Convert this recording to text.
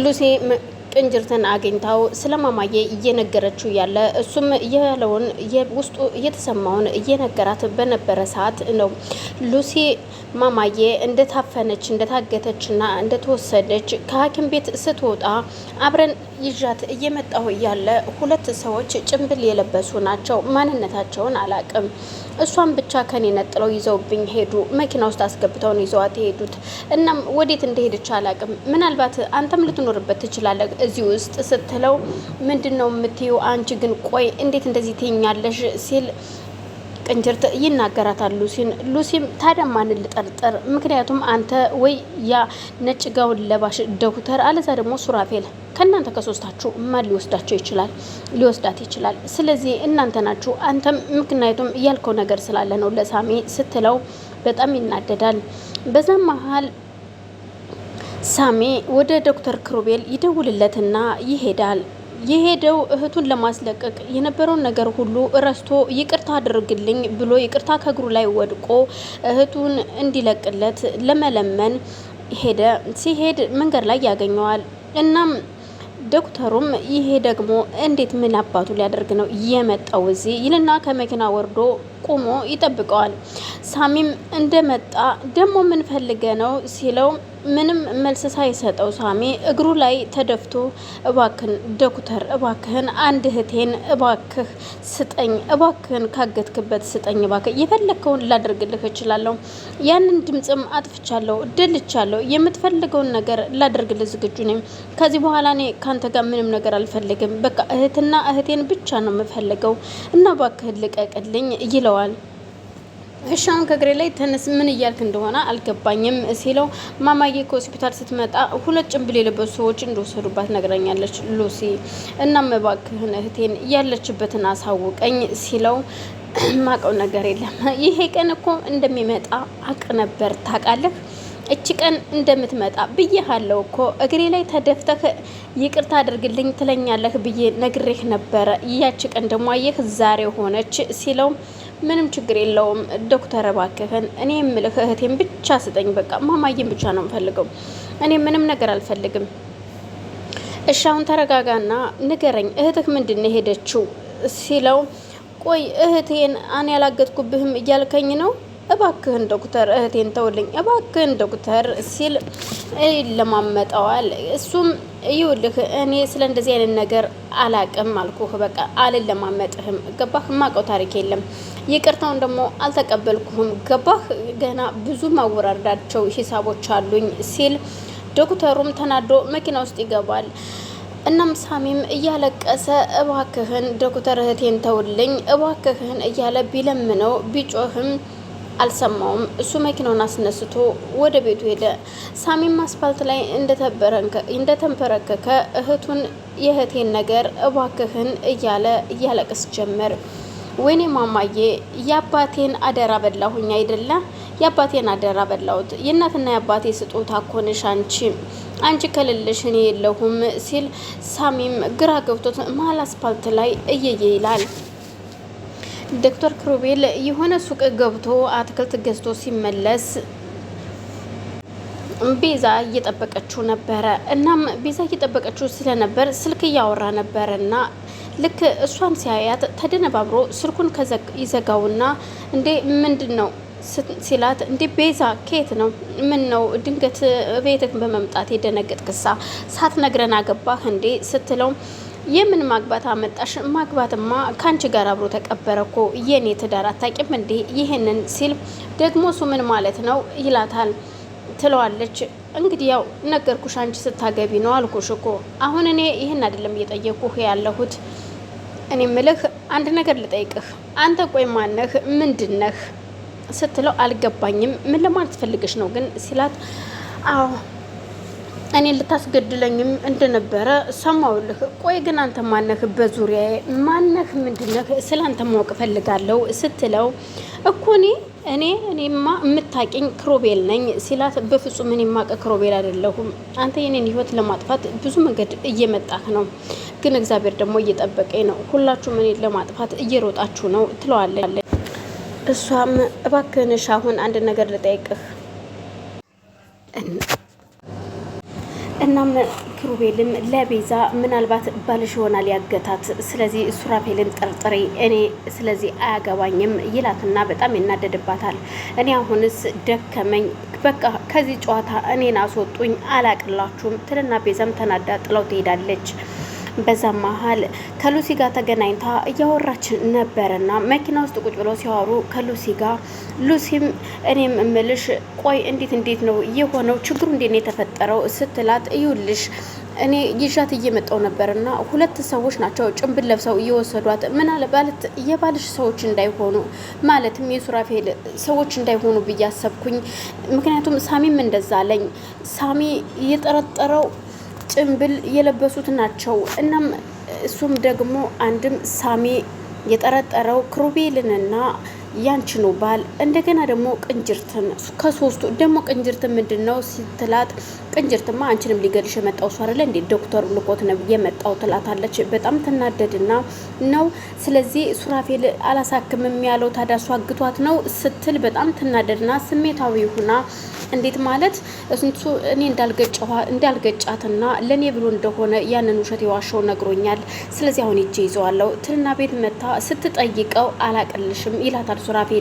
ሉሲ ቅንጅርትን አግኝታው ስለ ማማዬ እየነገረችው ያለ እሱም ያለውን ውስጡ እየተሰማውን እየነገራት በነበረ ሰዓት ነው ሉሲ ማማዬ እንደታፈነች እንደታገተችና እንደተወሰደች ከሐኪም ቤት ስትወጣ አብረን ይዣት እየመጣሁ እያለ ሁለት ሰዎች ጭንብል የለበሱ ናቸው። ማንነታቸውን አላቅም። እሷን ብቻ ከኔ ነጥለው ይዘውብኝ ሄዱ። መኪና ውስጥ አስገብተው ነው ይዘዋት የሄዱት። እናም ወዴት እንደሄደች አላቅም። ምናልባት አንተም ልትኖርበት ትችላለህ እዚህ ውስጥ ስትለው ምንድን ነው የምትይው? አንቺ ግን ቆይ እንዴት እንደዚህ ትይኛለሽ? ሲል ቅንጅርት ይናገራታል ሉሲን። ሉሲም ታዲያ ማን ልጠርጥር? ምክንያቱም አንተ ወይ ያ ነጭ ጋውን ለባሽ ዶክተር፣ አለዛ ደግሞ ሱራፌል ከእናንተ ከሶስታችሁ ማን ሊወስዳቸው ይችላል ሊወስዳት ይችላል። ስለዚህ እናንተ ናችሁ። አንተም ምክንያቱም ያልከው ነገር ስላለ ነው ለሳሚ ስትለው በጣም ይናደዳል። በዛ መሀል ሳሜ ወደ ዶክተር ክሩቤል ይደውልለትና ይሄዳል። የሄደው እህቱን ለማስለቀቅ የነበረውን ነገር ሁሉ ረስቶ ይቅርታ አድርግልኝ ብሎ ይቅርታ ከእግሩ ላይ ወድቆ እህቱን እንዲለቅለት ለመለመን ሄደ። ሲሄድ መንገድ ላይ ያገኘዋል። እናም ዶክተሩም ይሄ ደግሞ እንዴት ምን አባቱ ሊያደርግ ነው የመጣው እዚህ ይልና ከመኪና ወርዶ ቁሞ ይጠብቀዋል። ሳሚም እንደመጣ ደግሞ ምን ፈልገ ነው ሲለው ምንም መልስ ሳይሰጠው ሳሚ እግሩ ላይ ተደፍቶ እባክህን ዶክተር እባክህን አንድ እህቴን እባክህ ስጠኝ፣ እባክህን ካገትክበት ስጠኝ፣ እባክህ የፈለግከውን ላደርግልህ እችላለሁ። ያንን ድምፅም አጥፍቻለሁ፣ ደልቻለሁ። የምትፈልገውን ነገር ላደርግልህ ዝግጁ ነኝ። ከዚህ በኋላ እኔ ከአንተ ጋር ምንም ነገር አልፈልግም። በቃ እህትና እህቴን ብቻ ነው የምፈልገው እና እባክህን ልቀቅልኝ ይለዋል። እሻውን ከእግሬ ላይ ተነስ፣ ምን እያልክ እንደሆነ አልገባኝም ሲለው ማማዬ ከሆስፒታል ስትመጣ ሁለት ጭንብል የለበሱ ሰዎች እንደወሰዱባት ነግረኛለች ሉሲ። እናም እባክህን እህቴን ያለችበትን አሳውቀኝ ሲለው ማቀው ነገር የለም ይሄ ቀን እኮ እንደሚመጣ አቅ ነበር ታውቃለህ። እቺ ቀን እንደምትመጣ ብዬሃለው እኮ እግሬ ላይ ተደፍተህ ይቅርታ አድርግልኝ ትለኛለህ ብዬ ነግሬህ ነበረ። ያቺ ቀን ደግሞ አየህ ዛሬ ሆነች ሲለው ምንም ችግር የለውም ዶክተር እባክህን፣ እኔ የምልህ እህቴን ብቻ ስጠኝ። በቃ ማማዬን ብቻ ነው የምፈልገው። እኔ ምንም ነገር አልፈልግም። እሺ አሁን ተረጋጋና ንገረኝ፣ እህትህ ምንድን ነው የሄደችው ሲለው፣ ቆይ እህቴን አን ያላገጥኩብህም እያልከኝ ነው? እባክህን ዶክተር እህቴን ተውልኝ እባክህን ዶክተር ሲል ይለማመጠዋል። እሱም ይውልህ እኔ ስለ እንደዚህ አይነት ነገር አላቅም አልኩህ። በቃ ለማመጥህም ገባህ? ማቀው ታሪክ የለም። ይቅርታውን ደግሞ አልተቀበልኩህም፣ ገባህ? ገና ብዙ ማወራርዳቸው ሂሳቦች አሉኝ ሲል ዶክተሩም ተናዶ መኪና ውስጥ ይገባል። እናም ሳሚም እያለቀሰ እባክህን ዶክተር እህቴን ተውልኝ እባክህን እያለ ቢለምነው ቢጮህም አልሰማውም። እሱ መኪናውን አስነስቶ ወደ ቤቱ ሄደ። ሳሚም አስፋልት ላይ እንደተንበረከከ እህቱን የእህቴን ነገር እባክህን እያለ እያለቅስ ጀመር። ወይኔ ማማዬ የአባቴን አደራ በላሁኝ አይደለ? የአባቴን አደራ በላሁት። የእናትና የአባቴ ስጦታ አኮንሽ አንቺ አንቺ ከልልሽ እኔ የለሁም ሲል ሳሚም ግራ ገብቶት መሀል አስፓልት ላይ እየየ ይላል። ዶክተር ክሩቤል የሆነ ሱቅ ገብቶ አትክልት ገዝቶ ሲመለስ ቤዛ እየጠበቀችው ነበረ። እናም ቤዛ እየጠበቀችው ስለነበር ስልክ እያወራ ነበር እና ልክ እሷን ሲያያት ተደነባብሮ ስልኩን ይዘጋውና እንዴ ምንድን ነው ሲላት እንዴ ቤዛ ከየት ነው? ምን ነው ድንገት ቤትህ በመምጣት የደነገጥክሳ? ሳትነግረን አገባህ እንዴ ስትለው የምን ማግባት አመጣሽ? ማግባትማ ከአንቺ ጋር አብሮ ተቀበረ እኮ የኔ ትዳር አታቂም እንዴ? ይህንን ሲል ደግሞ እሱ ምን ማለት ነው ይላታል። ትለዋለች እንግዲህ ያው ነገርኩሽ፣ አንቺ ስታገቢ ነው አልኩሽ እኮ። አሁን እኔ ይህን አይደለም እየጠየቁህ ያለሁት። እኔ ምልህ አንድ ነገር ልጠይቅህ። አንተ ቆይ ማነህ? ምንድን ነህ ስትለው አልገባኝም። ምን ለማለት ፈልገሽ ነው ግን ሲላት አዎ እኔ ልታስገድለኝም እንደነበረ ሰማውልህ። ቆይ ግን አንተ ማነህ? በዙሪያ ማነህ? ምንድነህ? ስለ አንተ ማወቅ ፈልጋለሁ ስትለው እኮ እኔ እኔ እኔማ የምታቂኝ ክሮቤል ነኝ ሲላት፣ በፍጹም እኔ ማቀ ክሮቤል አይደለሁም። አንተ የኔን ህይወት ለማጥፋት ብዙ መንገድ እየመጣህ ነው፣ ግን እግዚአብሔር ደግሞ እየጠበቀኝ ነው። ሁላችሁም እኔን ለማጥፋት እየሮጣችሁ ነው ትለዋለች። እሷም እባክህን አሁን አንድ ነገር ልጠይቅህ እናም ክሩቤልም ለቤዛ ምናልባት ባልሽ ይሆናል ያገታት፣ ስለዚህ ሱራፌልን ጠርጥሬ እኔ ስለዚህ አያገባኝም ይላትና በጣም ይናደድባታል። እኔ አሁንስ ደከመኝ፣ በቃ ከዚህ ጨዋታ እኔን አስወጡኝ፣ አላቅላችሁም ትልና ቤዛም ተናዳ ጥለው ትሄዳለች። በዛ መሀል ከሉሲ ጋር ተገናኝታ እያወራች ነበረና መኪና ውስጥ ቁጭ ብለው ሲያወሩ ከሉሲ ጋር ሉሲም እኔም እምልሽ ቆይ እንዴት እንዴት ነው የሆነው ችግሩ እንዴት ነው የተፈጠረው ስትላት እዩልሽ እኔ ይዣት እየመጣው ነበርና ሁለት ሰዎች ናቸው ጭንብል ለብሰው እየወሰዷት ምናልባት የባልሽ ሰዎች እንዳይሆኑ ማለትም የሱራፌል ሰዎች እንዳይሆኑ ብዬ አሰብኩኝ። ምክንያቱም ሳሚም እንደዛ አለኝ። ሳሚ የጠረጠረው ጭንብል የለበሱት ናቸው። እናም እሱም ደግሞ አንድም ሳሚ የጠረጠረው ክሩቤልንና ያንችኑ ባል እንደገና ደግሞ ቅንጅርትን ከሶስቱ ደግሞ ቅንጅርትን ምንድን ነው ስትላት፣ ቅንጅርትማ አንቺንም ሊገድሽ የመጣው ሷ አለ እንዴ ዶክተር ልኮት ነው የመጣው ትላታለች። በጣም ትናደድና ነው ስለዚህ ሱራፌል አላሳክምም ያለው ታዲያ እሱ አግቷት ነው ስትል በጣም ትናደድና ስሜታዊ ሁና እንዴት ማለት እሱ እኔ እንዳልገጫትና ለእኔ ብሎ እንደሆነ ያንን ውሸት የዋሸው ነግሮኛል። ስለዚህ አሁን ይቼ ይዘዋለሁ ትልና ቤት መታ ስትጠይቀው አላቅልሽም ይላታል ሱራፌል።